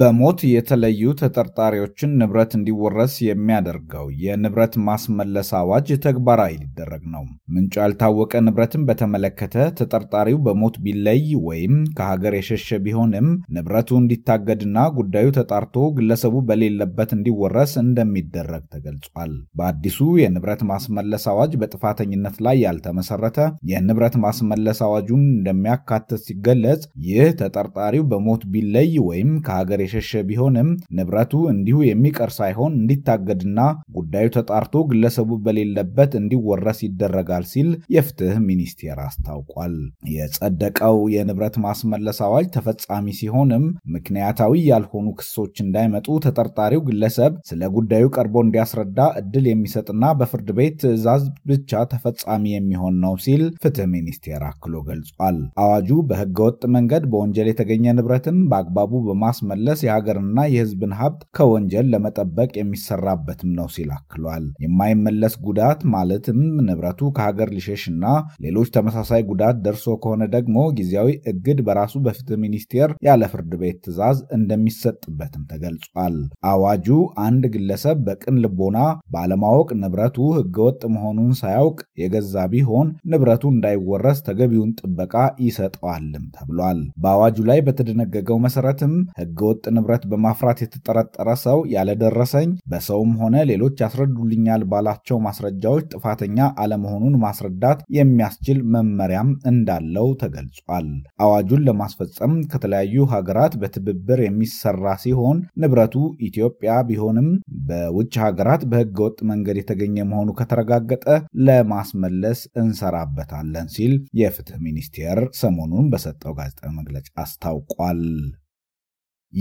በሞት የተለዩ ተጠርጣሪዎችን ንብረት እንዲወረስ የሚያደርገው የንብረት ማስመለስ አዋጅ ተግባራዊ ሊደረግ ነው። ምንጩ ያልታወቀ ንብረትን በተመለከተ ተጠርጣሪው በሞት ቢለይ ወይም ከሀገር የሸሸ ቢሆንም ንብረቱ እንዲታገድና ጉዳዩ ተጣርቶ ግለሰቡ በሌለበት እንዲወረስ እንደሚደረግ ተገልጿል። በአዲሱ የንብረት ማስመለስ አዋጅ በጥፋተኝነት ላይ ያልተመሰረተ የንብረት ማስመለስ አዋጁን እንደሚያካትት ሲገለጽ፣ ይህ ተጠርጣሪው በሞት ቢለይ ወይም ከሀገር የሸሸ ቢሆንም ንብረቱ እንዲሁ የሚቀር ሳይሆን እንዲታገድና ጉዳዩ ተጣርቶ ግለሰቡ በሌለበት እንዲወረስ ይደረጋል ሲል የፍትህ ሚኒስቴር አስታውቋል። የጸደቀው የንብረት ማስመለስ አዋጅ ተፈጻሚ ሲሆንም ምክንያታዊ ያልሆኑ ክሶች እንዳይመጡ ተጠርጣሪው ግለሰብ ስለ ጉዳዩ ቀርቦ እንዲያስረዳ እድል የሚሰጥና በፍርድ ቤት ትዕዛዝ ብቻ ተፈጻሚ የሚሆን ነው ሲል ፍትህ ሚኒስቴር አክሎ ገልጿል። አዋጁ በህገወጥ መንገድ በወንጀል የተገኘ ንብረትን በአግባቡ በማስመለስ በመቀነስ የሀገርና የህዝብን ሀብት ከወንጀል ለመጠበቅ የሚሰራበትም ነው ሲል አክሏል። የማይመለስ ጉዳት ማለትም ንብረቱ ከሀገር ሊሸሽና ሌሎች ተመሳሳይ ጉዳት ደርሶ ከሆነ ደግሞ ጊዜያዊ እግድ በራሱ በፍትህ ሚኒስቴር ያለ ፍርድ ቤት ትዕዛዝ እንደሚሰጥበትም ተገልጿል። አዋጁ አንድ ግለሰብ በቅን ልቦና ባለማወቅ ንብረቱ ህገወጥ መሆኑን ሳያውቅ የገዛ ቢሆን ንብረቱ እንዳይወረስ ተገቢውን ጥበቃ ይሰጠዋልም ተብሏል። በአዋጁ ላይ በተደነገገው መሰረትም ህገወጥ ንብረት በማፍራት የተጠረጠረ ሰው ያለደረሰኝ በሰውም ሆነ ሌሎች ያስረዱልኛል ባላቸው ማስረጃዎች ጥፋተኛ አለመሆኑን ማስረዳት የሚያስችል መመሪያም እንዳለው ተገልጿል። አዋጁን ለማስፈጸም ከተለያዩ ሀገራት በትብብር የሚሰራ ሲሆን ንብረቱ ኢትዮጵያ ቢሆንም በውጭ ሀገራት በህገወጥ መንገድ የተገኘ መሆኑ ከተረጋገጠ ለማስመለስ እንሰራበታለን ሲል የፍትህ ሚኒስቴር ሰሞኑን በሰጠው ጋዜጣዊ መግለጫ አስታውቋል።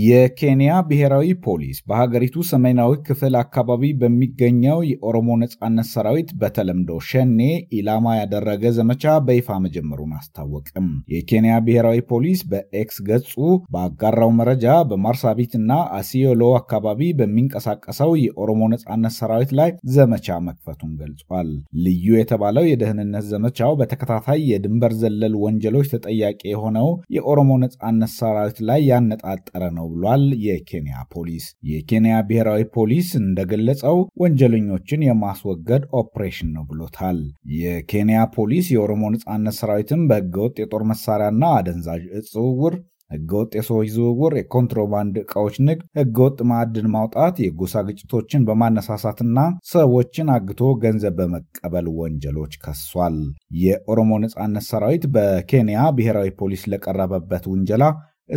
የኬንያ ብሔራዊ ፖሊስ በሀገሪቱ ሰሜናዊ ክፍል አካባቢ በሚገኘው የኦሮሞ ነጻነት ሰራዊት በተለምዶ ሸኔ ኢላማ ያደረገ ዘመቻ በይፋ መጀመሩን አስታወቅም። የኬንያ ብሔራዊ ፖሊስ በኤክስ ገጹ በአጋራው መረጃ በማርሳቢት እና አሲዮሎ አካባቢ በሚንቀሳቀሰው የኦሮሞ ነጻነት ሰራዊት ላይ ዘመቻ መክፈቱን ገልጿል። ልዩ የተባለው የደህንነት ዘመቻው በተከታታይ የድንበር ዘለል ወንጀሎች ተጠያቂ የሆነው የኦሮሞ ነጻነት ሰራዊት ላይ ያነጣጠረ ነው ብሏል የኬንያ ፖሊስ። የኬንያ ብሔራዊ ፖሊስ እንደገለጸው ወንጀለኞችን የማስወገድ ኦፕሬሽን ነው ብሎታል። የኬንያ ፖሊስ የኦሮሞ ነጻነት ሰራዊትን በህገወጥ የጦር መሳሪያና አደንዛዥ እጽ ዝውውር ህገወጥ የሰዎች ዝውውር፣ የኮንትሮባንድ እቃዎች ንግድ፣ ህገወጥ ማዕድን ማውጣት፣ የጎሳ ግጭቶችን በማነሳሳትና ሰዎችን አግቶ ገንዘብ በመቀበል ወንጀሎች ከሷል። የኦሮሞ ነጻነት ሰራዊት በኬንያ ብሔራዊ ፖሊስ ለቀረበበት ውንጀላ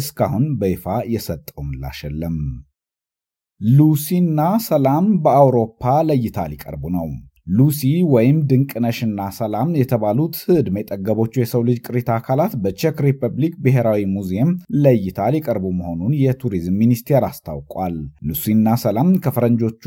እስካሁን በይፋ የሰጠው ምላሽ የለም። ሉሲና ሰላም በአውሮፓ ለእይታ ሊቀርቡ ነው። ሉሲ ወይም ድንቅነሽና ሰላም የተባሉት ዕድሜ ጠገቦቹ የሰው ልጅ ቅሪተ አካላት በቼክ ሪፐብሊክ ብሔራዊ ሙዚየም ለእይታ ሊቀርቡ መሆኑን የቱሪዝም ሚኒስቴር አስታውቋል። ሉሲና ሰላም ከፈረንጆቹ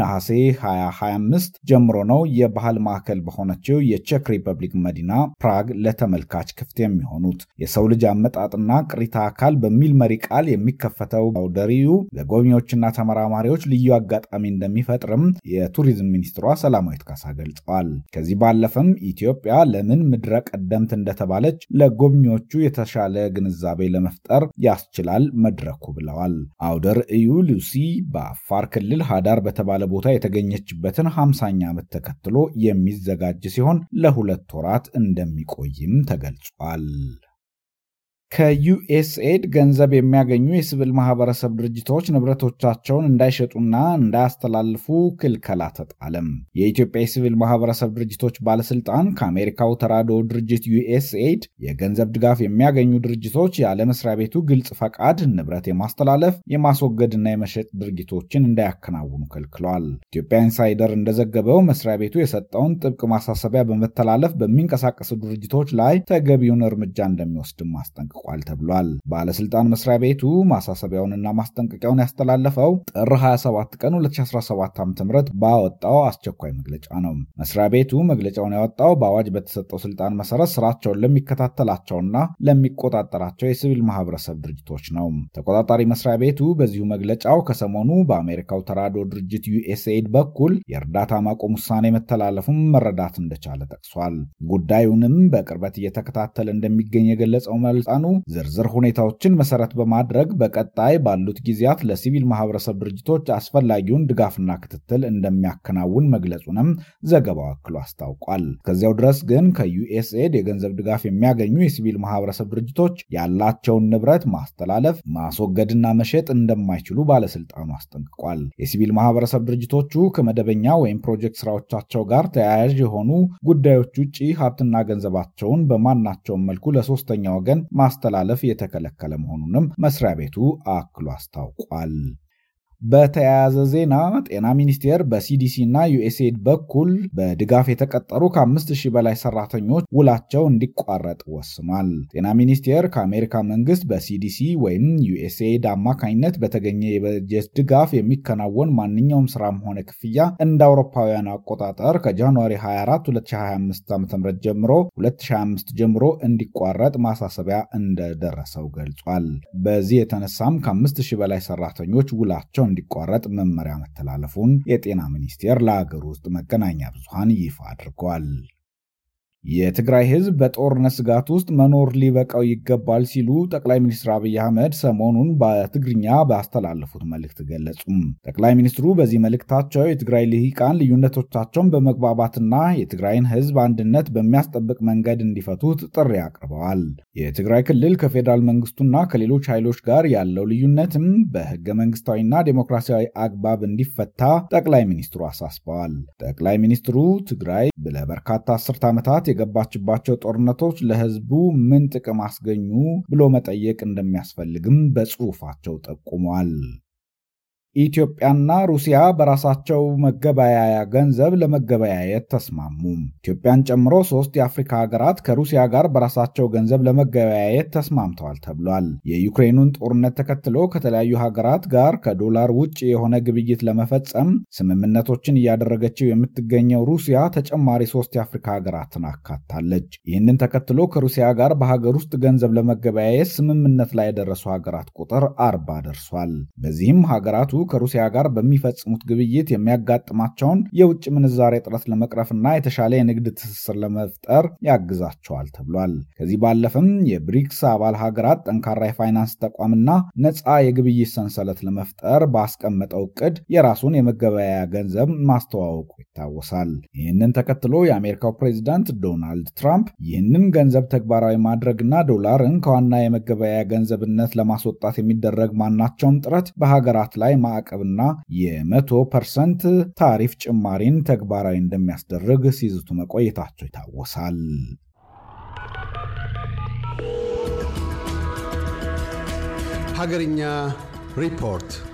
ነሐሴ 2025 ጀምሮ ነው የባህል ማዕከል በሆነችው የቼክ ሪፐብሊክ መዲና ፕራግ ለተመልካች ክፍት የሚሆኑት። የሰው ልጅ አመጣጥና ቅሪተ አካል በሚል መሪ ቃል የሚከፈተው አውደ ርዕዩ ለጎብኚዎችና ተመራማሪዎች ልዩ አጋጣሚ እንደሚፈጥርም የቱሪዝም ሚኒስትሯ ሰላማዊ ሙላቱ ካሳ ገልጸዋል። ከዚህ ባለፈም ኢትዮጵያ ለምን ምድረ ቀደምት እንደተባለች ለጎብኚዎቹ የተሻለ ግንዛቤ ለመፍጠር ያስችላል መድረኩ ብለዋል። አውደ ርዕዩ ሉሲ በአፋር ክልል ሀዳር በተባለ ቦታ የተገኘችበትን 5 ኛ ዓመት ተከትሎ የሚዘጋጅ ሲሆን ለሁለት ወራት እንደሚቆይም ተገልጿል። ከዩኤስኤድ ገንዘብ የሚያገኙ የሲቪል ማህበረሰብ ድርጅቶች ንብረቶቻቸውን እንዳይሸጡና እንዳያስተላልፉ ክልከላ ተጣለም። የኢትዮጵያ የሲቪል ማህበረሰብ ድርጅቶች ባለስልጣን ከአሜሪካው ተራድኦ ድርጅት ዩኤስኤድ የገንዘብ ድጋፍ የሚያገኙ ድርጅቶች ያለ መስሪያ ቤቱ ግልጽ ፈቃድ ንብረት የማስተላለፍ የማስወገድና የመሸጥ ድርጊቶችን እንዳያከናውኑ ከልክሏል። ኢትዮጵያ ኢንሳይደር እንደዘገበው መስሪያ ቤቱ የሰጠውን ጥብቅ ማሳሰቢያ በመተላለፍ በሚንቀሳቀሱ ድርጅቶች ላይ ተገቢውን እርምጃ እንደሚወስድም አስጠንቅቋል። ተጠናቋል ተብሏል። ባለስልጣን መስሪያ ቤቱ ማሳሰቢያውንና ማስጠንቀቂያውን ያስተላለፈው ጥር 27 ቀን 2017 ዓ ም ባወጣው አስቸኳይ መግለጫ ነው። መስሪያ ቤቱ መግለጫውን ያወጣው በአዋጅ በተሰጠው ስልጣን መሰረት ስራቸውን ለሚከታተላቸውና ለሚቆጣጠራቸው የሲቪል ማህበረሰብ ድርጅቶች ነው። ተቆጣጣሪ መስሪያ ቤቱ በዚሁ መግለጫው ከሰሞኑ በአሜሪካው ተራድኦ ድርጅት ዩኤስኤድ በኩል የእርዳታ ማቆም ውሳኔ መተላለፉን መረዳት እንደቻለ ጠቅሷል። ጉዳዩንም በቅርበት እየተከታተለ እንደሚገኝ የገለጸው መልጣኑ ዝርዝር ሁኔታዎችን መሰረት በማድረግ በቀጣይ ባሉት ጊዜያት ለሲቪል ማህበረሰብ ድርጅቶች አስፈላጊውን ድጋፍና ክትትል እንደሚያከናውን መግለጹንም ዘገባው አክሎ አስታውቋል። እስከዚያው ድረስ ግን ከዩኤስኤድ የገንዘብ ድጋፍ የሚያገኙ የሲቪል ማህበረሰብ ድርጅቶች ያላቸውን ንብረት ማስተላለፍ፣ ማስወገድና መሸጥ እንደማይችሉ ባለስልጣኑ አስጠንቅቋል። የሲቪል ማህበረሰብ ድርጅቶቹ ከመደበኛ ወይም ፕሮጀክት ስራዎቻቸው ጋር ተያያዥ የሆኑ ጉዳዮች ውጭ ሀብትና ገንዘባቸውን በማናቸውም መልኩ ለሶስተኛ ወገን ማ ማስተላለፍ የተከለከለ መሆኑንም መስሪያ ቤቱ አክሎ አስታውቋል። በተያያዘ ዜና ጤና ሚኒስቴር በሲዲሲ እና ዩኤስኤድ በኩል በድጋፍ የተቀጠሩ ከአምስት ሺህ በላይ ሰራተኞች ውላቸው እንዲቋረጥ ወስኗል። ጤና ሚኒስቴር ከአሜሪካ መንግስት በሲዲሲ ወይም ዩኤስኤድ አማካኝነት በተገኘ የበጀት ድጋፍ የሚከናወን ማንኛውም ስራም ሆነ ክፍያ እንደ አውሮፓውያን አቆጣጠር ከጃንዋሪ 24 2025 ዓ.ም ጀምሮ 2025 ጀምሮ እንዲቋረጥ ማሳሰቢያ እንደደረሰው ገልጿል። በዚህ የተነሳም ከ ሺህ በላይ ሰራተኞች ውላቸው እንዲቋረጥ መመሪያ መተላለፉን የጤና ሚኒስቴር ለአገር ውስጥ መገናኛ ብዙሃን ይፋ አድርጓል። የትግራይ ህዝብ በጦርነት ስጋት ውስጥ መኖር ሊበቃው ይገባል ሲሉ ጠቅላይ ሚኒስትር አብይ አህመድ ሰሞኑን በትግርኛ ባስተላለፉት መልእክት ገለጹም። ጠቅላይ ሚኒስትሩ በዚህ መልእክታቸው የትግራይ ልሂቃን ልዩነቶቻቸውን በመግባባትና የትግራይን ህዝብ አንድነት በሚያስጠብቅ መንገድ እንዲፈቱት ጥሪ አቅርበዋል። የትግራይ ክልል ከፌዴራል መንግስቱና ከሌሎች ኃይሎች ጋር ያለው ልዩነትም በህገ መንግስታዊና ዴሞክራሲያዊ አግባብ እንዲፈታ ጠቅላይ ሚኒስትሩ አሳስበዋል። ጠቅላይ ሚኒስትሩ ትግራይ ለበርካታ አስርት ዓመታት የገባችባቸው ጦርነቶች ለህዝቡ ምን ጥቅም አስገኙ ብሎ መጠየቅ እንደሚያስፈልግም በጽሑፋቸው ጠቁመዋል። ኢትዮጵያና ሩሲያ በራሳቸው መገበያያ ገንዘብ ለመገበያየት ተስማሙ። ኢትዮጵያን ጨምሮ ሶስት የአፍሪካ ሀገራት ከሩሲያ ጋር በራሳቸው ገንዘብ ለመገበያየት ተስማምተዋል ተብሏል። የዩክሬኑን ጦርነት ተከትሎ ከተለያዩ ሀገራት ጋር ከዶላር ውጭ የሆነ ግብይት ለመፈጸም ስምምነቶችን እያደረገችው የምትገኘው ሩሲያ ተጨማሪ ሶስት የአፍሪካ ሀገራትን አካታለች። ይህንን ተከትሎ ከሩሲያ ጋር በሀገር ውስጥ ገንዘብ ለመገበያየት ስምምነት ላይ የደረሱ ሀገራት ቁጥር አርባ ደርሷል። በዚህም ሀገራቱ ከሩሲያ ጋር በሚፈጽሙት ግብይት የሚያጋጥማቸውን የውጭ ምንዛሬ እጥረት ለመቅረፍና የተሻለ የንግድ ትስስር ለመፍጠር ያግዛቸዋል ተብሏል። ከዚህ ባለፈም የብሪክስ አባል ሀገራት ጠንካራ የፋይናንስ ተቋምና ነፃ የግብይት ሰንሰለት ለመፍጠር ባስቀመጠው እቅድ የራሱን የመገበያያ ገንዘብ ማስተዋወቁ ይታወሳል። ይህንን ተከትሎ የአሜሪካው ፕሬዚዳንት ዶናልድ ትራምፕ ይህንን ገንዘብ ተግባራዊ ማድረግና ዶላርን ከዋና የመገበያያ ገንዘብነት ለማስወጣት የሚደረግ ማናቸውም ጥረት በሀገራት ላይ ማዕቀብና የመቶ ፐርሰንት ታሪፍ ጭማሪን ተግባራዊ እንደሚያስደርግ ሲዝቱ መቆየታቸው ይታወሳል። ሀገርኛ ሪፖርት